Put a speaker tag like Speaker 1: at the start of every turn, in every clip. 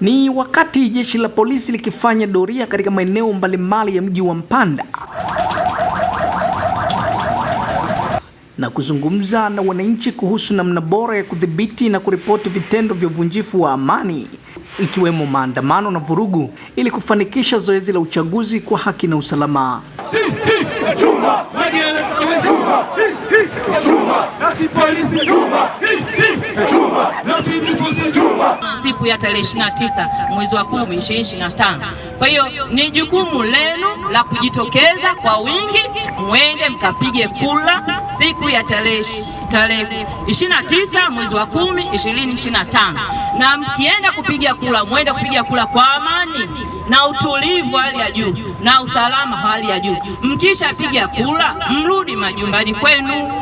Speaker 1: Ni wakati jeshi la polisi likifanya doria katika maeneo mbalimbali ya mji wa Mpanda na kuzungumza na wananchi kuhusu namna bora ya kudhibiti na kuripoti vitendo vya uvunjifu wa amani ikiwemo maandamano na vurugu ili kufanikisha zoezi la uchaguzi kwa haki na usalama siku ya tarehe 29 mwezi wa 10 2025. Kwa hiyo ni jukumu lenu la kujitokeza kwa wingi muende mkapige kula siku ya tarehe tarehe 29 mwezi wa 10 2025, na na mkienda kupiga kula muende kupiga kula kwa amani na utulivu hali ya juu na usalama hali ya juu. Mkishapiga kula mrudi majumbani kwenu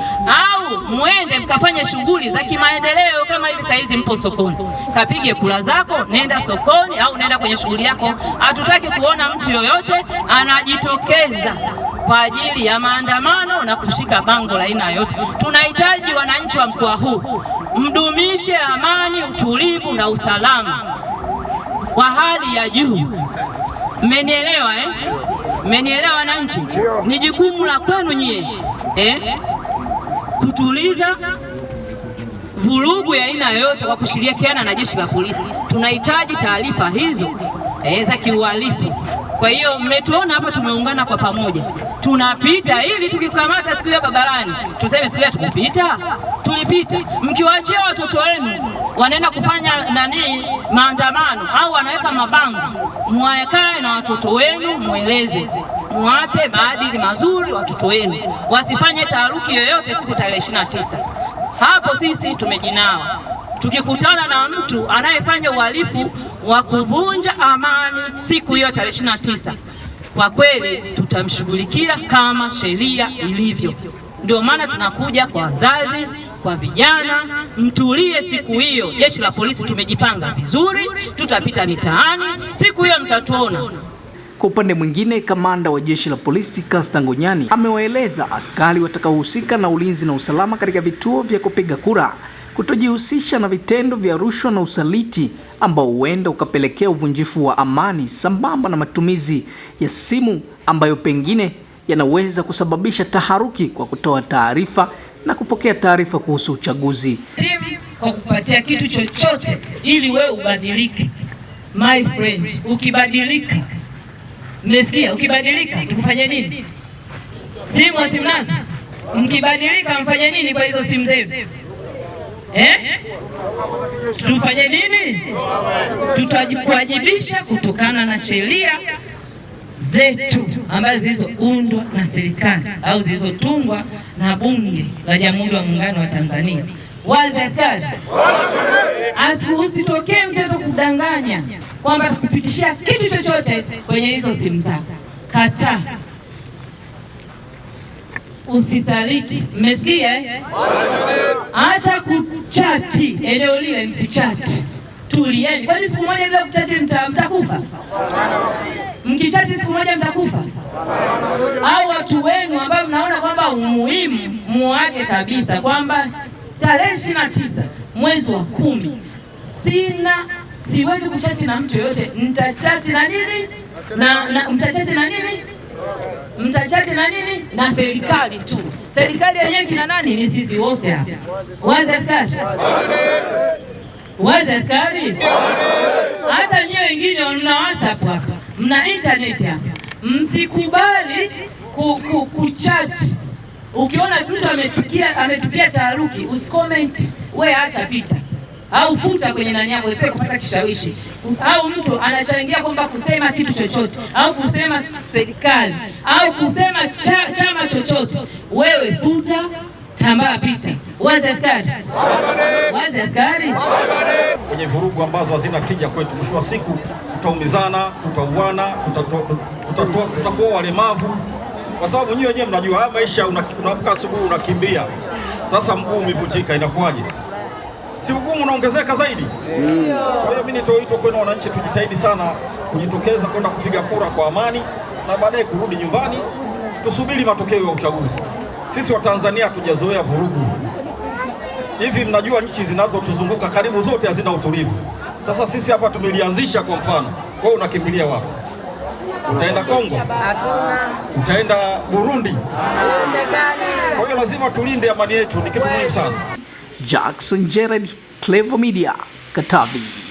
Speaker 1: au muende mkafanye shughuli za kimaendeleo kama hivi saizi mpo sokoni, kapige kula zako, nenda sokoni au nenda kwenye shughuli yako. Hatutaki kuona mtu yoyote anajitokeza kwa ajili ya maandamano na kushika bango la aina yote. Tunahitaji wananchi wa mkoa huu mdumishe amani, utulivu na usalama wa hali ya juu. Mmenielewa eh? Mmenielewa wananchi? Ni jukumu la kwenu nyie eh? kutuliza vurugu ya aina yoyote kwa kushirikiana na jeshi la polisi. Tunahitaji taarifa hizo eh, za kiuhalifu. Kwa hiyo mmetuona hapa tumeungana kwa pamoja tunapita ili tukikamata siku ya barabarani tuseme siku ya tukupita, tulipita. Mkiwaachia watoto wenu wanaenda kufanya nani, maandamano au wanaweka mabango, muwaekae na watoto wenu, mweleze mwape maadili mazuri watoto wenu, wasifanye taharuki yoyote siku tarehe ishirini na tisa. Hapo sisi tumejinawa. Tukikutana na mtu anayefanya uhalifu wa kuvunja amani siku hiyo tarehe ishirini na tisa kwa kweli tutamshughulikia kama sheria ilivyo. Ndio maana tunakuja kwa wazazi, kwa vijana, mtulie siku hiyo. Jeshi la polisi tumejipanga vizuri, tutapita mitaani siku hiyo, mtatuona.
Speaker 2: Kwa upande mwingine, kamanda wa jeshi la polisi kasta Ngonyani amewaeleza askari watakaohusika na ulinzi na usalama katika vituo vya kupiga kura kutojihusisha na vitendo vya rushwa na usaliti ambao huenda ukapelekea uvunjifu wa amani sambamba na matumizi ya simu ambayo pengine yanaweza kusababisha taharuki kwa kutoa taarifa na kupokea taarifa kuhusu uchaguzi.
Speaker 1: kwa kupatia kitu chochote ili wewe ubadilike. My friend, ukibadilika, mmesikia? Ukibadilika tukufanye nini? Simu asimnazo, mkibadilika mfanye nini kwa hizo simu zenu? eh? Tufanye nini? Tutajiwajibisha kutokana na sheria zetu ambazo zilizoundwa na serikali au zilizotungwa na Bunge la Jamhuri ya Muungano wa Tanzania. Wazi askari, usitokee mtoto kudanganya kwamba tukupitishia kitu chochote kwenye hizo simu zako. Kataa usisaliti. Mmesikia eh? Hata kuchati eneo lile msichati, tulieni. Kwani siku moja bila kuchati mtakufa? Mkichati siku moja mtakufa? Au watu wenu ambao mnaona kwamba umuhimu muage kabisa kwamba tarehe ishirini na tisa mwezi wa kumi sina siwezi kuchati na mtu yoyote, mtachati na nini na, na mtachati na nini mtachache na nini na serikali tu. Serikali yenyewe kina nani? Ni sisi wote hapa. Wazi askari, wazi askari. Hata nyie wengine mna WhatsApp hapa, mna internet hapa, msikubali ku, ku, kuchat. Ukiona mtu ametukia ametupia taharuki, usicomment wewe, acha pita au futa kwenye nani yako, ipe kupata kishawishi au mtu anachangia kwamba kusema kitu chochote au kusema serikali au kusema cha, chama chochote, wewe futa, tambaa, pita. Wazi askari, wazi askari,
Speaker 3: kwenye vurugu ambazo hazina tija kwetu. Mwisho wa siku tutaumizana, tutauana, tutakuwa walemavu, kwa sababu nyinyi wenyewe mnajua haya maisha. Unaamka asubuhi unakimbia, sasa mguu umevunjika, inakuwaje? si ugumu unaongezeka zaidi. Kwa hiyo mimi nitoe wito kwenu wananchi, tujitahidi sana kujitokeza kwenda kupiga kura kwa amani na baadaye kurudi nyumbani, tusubiri matokeo ya uchaguzi. Sisi Watanzania hatujazoea vurugu hivi. Mnajua nchi zinazotuzunguka karibu zote hazina utulivu. Sasa sisi hapa tumelianzisha. Kwa mfano, wewe unakimbilia wapi? Utaenda Kongo? Utaenda Burundi? Kwa hiyo lazima tulinde amani yetu, ni kitu muhimu sana. Jackson Jared, Clevo Media, Katavi.